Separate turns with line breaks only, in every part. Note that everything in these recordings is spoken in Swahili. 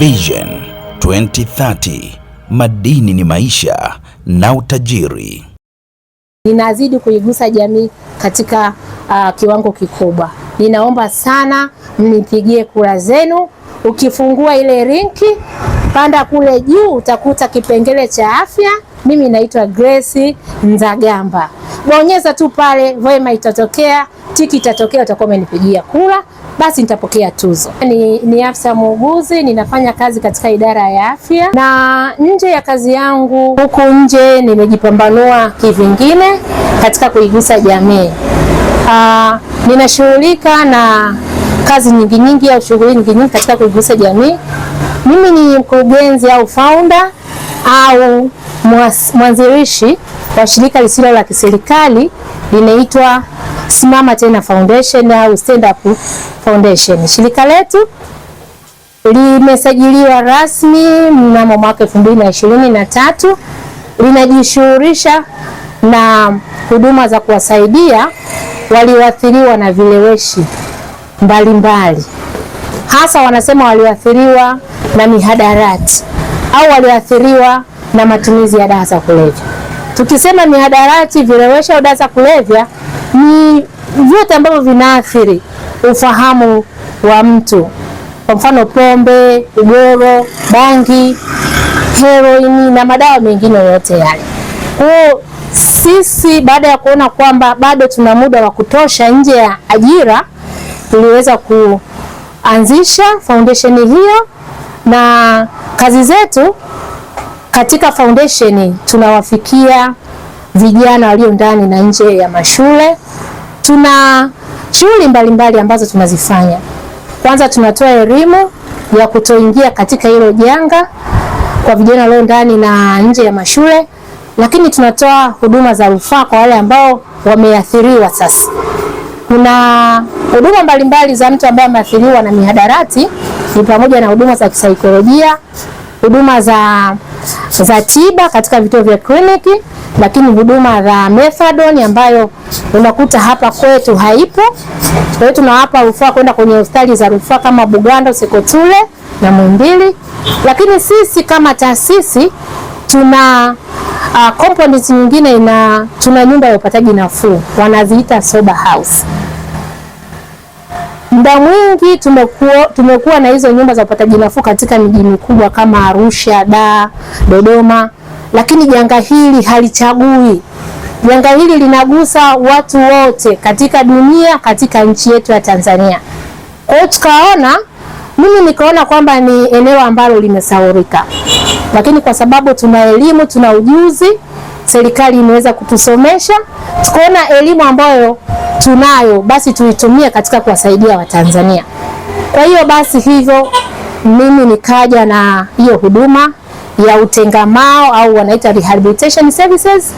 Vision 2030 madini ni maisha na utajiri. Ninazidi kuigusa jamii katika uh, kiwango kikubwa. Ninaomba sana mnipigie kura zenu. Ukifungua ile linki, panda kule juu, utakuta kipengele cha afya. Mimi naitwa Grace Nzagamba, bonyeza tu pale, Vema itatokea, tiki itatokea, utakuwa umenipigia kura basi nitapokea tuzo. Ni, ni afisa muuguzi, ninafanya kazi katika idara ya afya, na nje ya kazi yangu huku nje nimejipambanua kivingine katika kuigusa jamii. Uh, ninashughulika na kazi nyingi nyingi au shughuli nyingi nyingi katika kuigusa jamii. Mimi ni mkurugenzi au founder au mwanzilishi wa shirika lisilo la kiserikali linaitwa Simama Tena Foundation au Stand Up Foundation. Shirika letu limesajiliwa rasmi mnamo mwaka 2023 linajishughulisha na huduma za kuwasaidia walioathiriwa na vileweshi mbalimbali, hasa wanasema walioathiriwa na mihadarati au walioathiriwa na matumizi ya dawa za kulevya. Tukisema mihadarati, vilowesha au dawa za kulevya, ni vyote ambavyo vinaathiri ufahamu wa mtu, kwa mfano pombe, ugoro, bangi, heroini na madawa mengine yote yale. Kwa sisi baada ya kuona kwamba bado tuna muda wa kutosha nje ya ajira, tuliweza kuanzisha foundation hiyo na kazi zetu katika foundation tunawafikia vijana walio ndani na nje ya mashule. Tuna shughuli mbalimbali ambazo tunazifanya. Kwanza tunatoa elimu ya kutoingia katika hilo janga kwa vijana walio ndani na nje ya mashule, lakini tunatoa huduma za rufaa kwa wale ambao wameathiriwa. Sasa kuna huduma mbalimbali za mtu ambaye ameathiriwa na mihadarati, ni pamoja na huduma za kisaikolojia, huduma za za tiba katika vituo vya kliniki, lakini huduma za methadone ambayo unakuta hapa kwetu haipo. Kwa hiyo tunawapa rufaa kwenda kwenye hospitali za rufaa kama Bugando, Sekotule na Muhimbili. Lakini sisi kama taasisi tuna uh, ah, components nyingine ina tuna nyumba ya upataji nafuu wanaziita sober house muda mwingi tumekuwa tumekuwa na hizo nyumba za upataji nafuu katika miji mikubwa kama Arusha, Dar, Dodoma, lakini janga hili halichagui. Janga hili linagusa watu wote katika dunia, katika nchi yetu ya Tanzania. Kwa hiyo tukaona, mimi nikaona kwamba ni eneo ambalo limesaurika, lakini kwa sababu tuna elimu, tuna ujuzi, serikali imeweza kutusomesha, tukaona elimu ambayo tunayo basi tuitumie katika kuwasaidia Watanzania. Kwa hiyo basi hivyo mimi nikaja na hiyo huduma ya utengamao au wanaita rehabilitation services.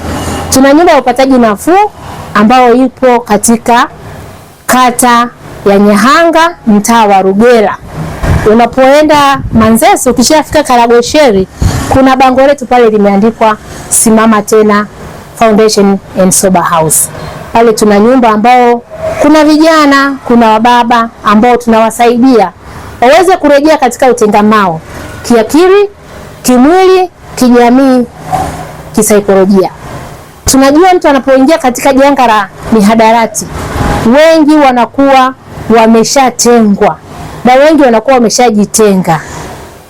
Tuna nyumba ya upataji nafuu ambayo ipo katika kata ya Nyahanga mtaa wa Rugera. Unapoenda Manzese ukishafika Karagosheri kuna bango letu pale limeandikwa Simama Tena Foundation and Sober House pale tuna nyumba ambao kuna vijana kuna wababa ambao tunawasaidia waweze kurejea katika utengamao kiakili, kimwili, kijamii, kisaikolojia. Tunajua mtu anapoingia katika janga la mihadarati, wengi wanakuwa wameshatengwa na wengi wanakuwa wameshajitenga,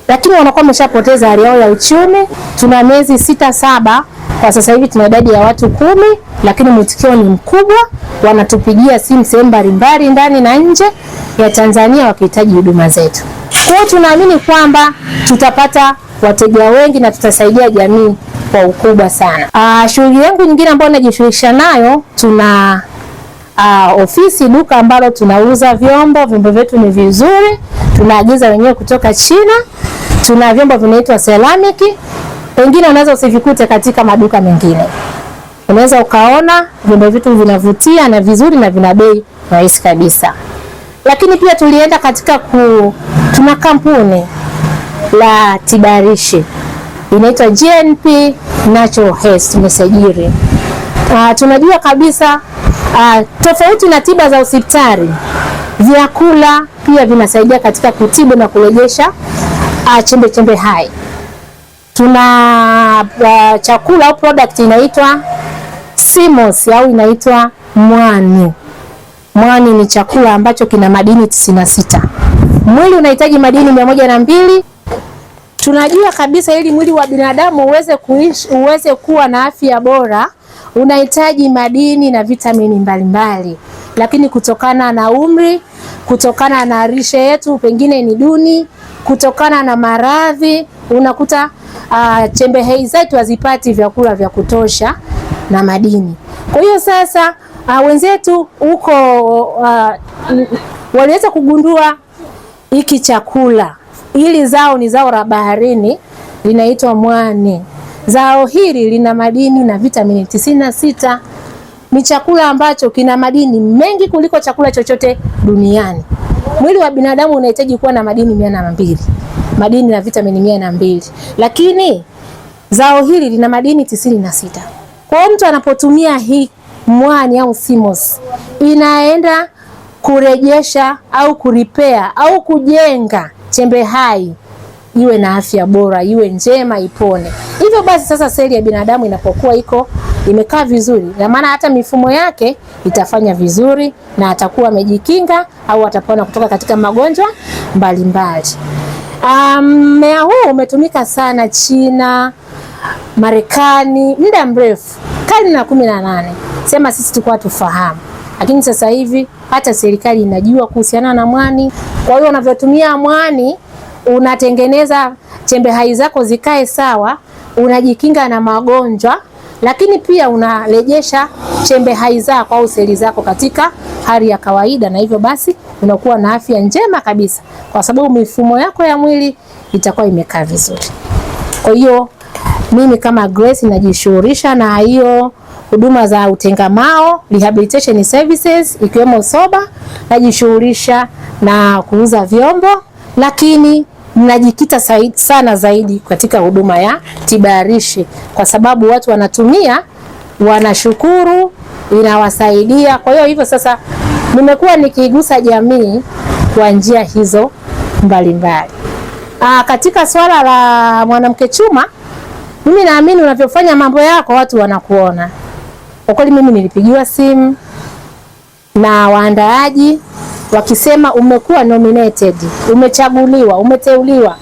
lakini wanakuwa wameshapoteza hali yao ya uchumi. Tuna miezi sita saba kwa sasa hivi tuna idadi ya watu kumi, lakini mwitikio ni mkubwa. Wanatupigia simu sehemu mbalimbali ndani na nje ya Tanzania wakihitaji huduma zetu. Kwa hiyo tunaamini kwamba tutapata wateja wengi na tutasaidia jamii kwa ukubwa sana. Ah, shughuli yangu nyingine ambayo najishughulisha nayo tuna Uh, ofisi duka ambalo tunauza vyombo. Vyombo vyetu ni vizuri, tunaagiza wenyewe kutoka China. Tuna vyombo vinaitwa ceramic, pengine unaweza usivikute katika maduka mengine. Unaweza ukaona vile vitu vinavutia na vizuri na vina bei rahisi kabisa. Lakini pia tulienda katika ku, tuna kampuni la tibarishi inaitwa GNP Natural Health tumesajiri. Uh, ah, tunajua kabisa uh, tofauti na tiba za hospitali, vyakula pia vinasaidia katika kutibu na kurejesha uh, ah, chembe chembe hai Tuna uh, chakula au product inaitwa Simos au inaitwa mwani. Mwani ni chakula ambacho kina madini sita Mwili unahitaji madini mia moja na mbili. Tunajua kabisa ili mwili wa binadamu uweze kuishi, uweze kuwa na afya bora unahitaji madini na vitamini mbalimbali mbali. Lakini kutokana na umri, kutokana na lishe yetu pengine ni duni, kutokana na maradhi unakuta uh, ah, chembehei zetu hazipati vyakula vya kutosha na madini. Kwa hiyo sasa uh, wenzetu huko uh, waliweza kugundua hiki chakula. Hili zao ni zao la baharini linaitwa mwani. Zao hili lina madini na vitamini tisini na sita. Ni chakula ambacho kina madini mengi kuliko chakula chochote duniani. Mwili wa binadamu unahitaji kuwa na madini mia na mbili madini na vitamini mia na mbili lakini zao hili lina madini tisini na sita Kwa hiyo mtu anapotumia hii mwani au simos inaenda kurejesha au kuripea au kujenga chembe hai iwe na afya bora, iwe njema, ipone. Hivyo basi sasa, seli ya binadamu inapokuwa iko imekaa vizuri, na maana hata mifumo yake itafanya vizuri na atakuwa amejikinga au atapona kutoka katika magonjwa mbalimbali. Ah, mmea um, huu umetumika sana China, Marekani muda mrefu, karne na kumi na nane. Sema sisi tulikuwa tufahamu, lakini sasa hivi hata serikali inajua kuhusiana na mwani. Kwa hiyo unavyotumia mwani unatengeneza chembe hai zako zikae sawa, unajikinga na magonjwa lakini pia unarejesha chembe hai zako au seli zako katika hali ya kawaida, na hivyo basi unakuwa na afya njema kabisa, kwa sababu mifumo yako ya mwili itakuwa imekaa vizuri. Kwa hiyo mimi kama Grace najishughulisha na hiyo huduma za utengamao rehabilitation services, ikiwemo soba. Najishughulisha na kuuza vyombo, lakini mnajikita sana zaidi katika huduma ya tiba lishe, kwa sababu watu wanatumia, wanashukuru, inawasaidia. Kwa hiyo hivyo sasa nimekuwa nikigusa jamii kwa njia hizo mbalimbali. mbali. Ah, katika swala la mwanamke chuma, mimi naamini unavyofanya mambo yako watu wanakuona. Kwa kweli mimi nilipigiwa simu na waandaaji wakisema umekuwa nominated, umechaguliwa, umeteuliwa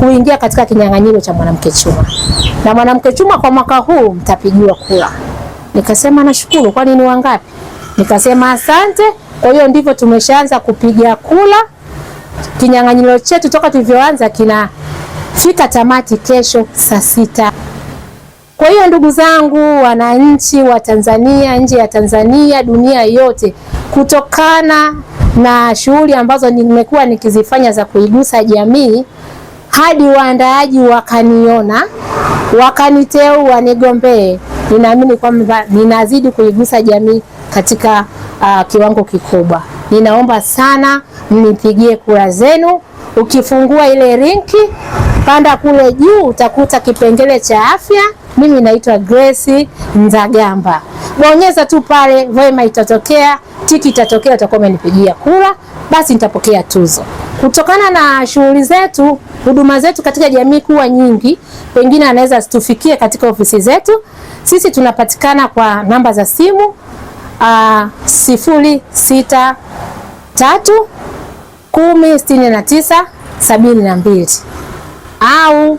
kuingia katika kinyang'anyiro cha mwanamke chuma na mwanamke chuma kwa mwaka huu mtapigiwa kura. Nikasema nashukuru, kwani ni wangapi? Nikasema asante. Kwa hiyo ndivyo tumeshaanza kupiga kura. Kinyang'anyiro chetu toka tulivyoanza kinafika tamati kesho saa sita. Kwa hiyo ndugu zangu, wananchi wa Tanzania, nje ya Tanzania, dunia yote, kutokana na shughuli ambazo nimekuwa nikizifanya za kuigusa jamii, hadi waandaaji wakaniona, wakaniteua nigombee, ninaamini kwamba ninazidi kuigusa jamii katika uh, kiwango kikubwa. Ninaomba sana mnipigie kura zenu. Ukifungua ile rinki, panda kule juu, utakuta kipengele cha afya mimi naitwa Grace Nzagamba. Bonyeza tu pale, Vema itatokea, Tiki itatokea, utakuwa umenipigia kura, basi nitapokea tuzo. Kutokana na shughuli zetu, huduma zetu katika jamii kuwa nyingi, pengine anaweza situfikie katika ofisi zetu. Sisi tunapatikana kwa namba za simu a, ah, sifuri sita tatu kumi sitini na tisa sabini na mbili au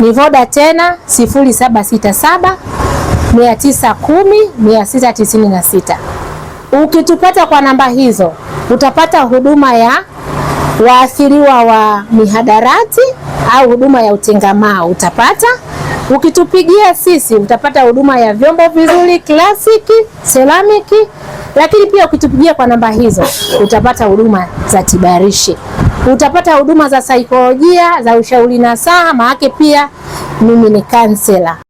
ni Voda tena 0767910696. Ukitupata kwa namba hizo utapata huduma ya waathiriwa wa mihadarati au huduma ya utengamao utapata. Ukitupigia sisi utapata huduma ya vyombo vizuri, klasiki, seramiki, lakini pia ukitupigia kwa namba hizo utapata huduma za tibarishi. Utapata huduma za saikolojia, za ushauri na saha, maake pia mimi ni kansela.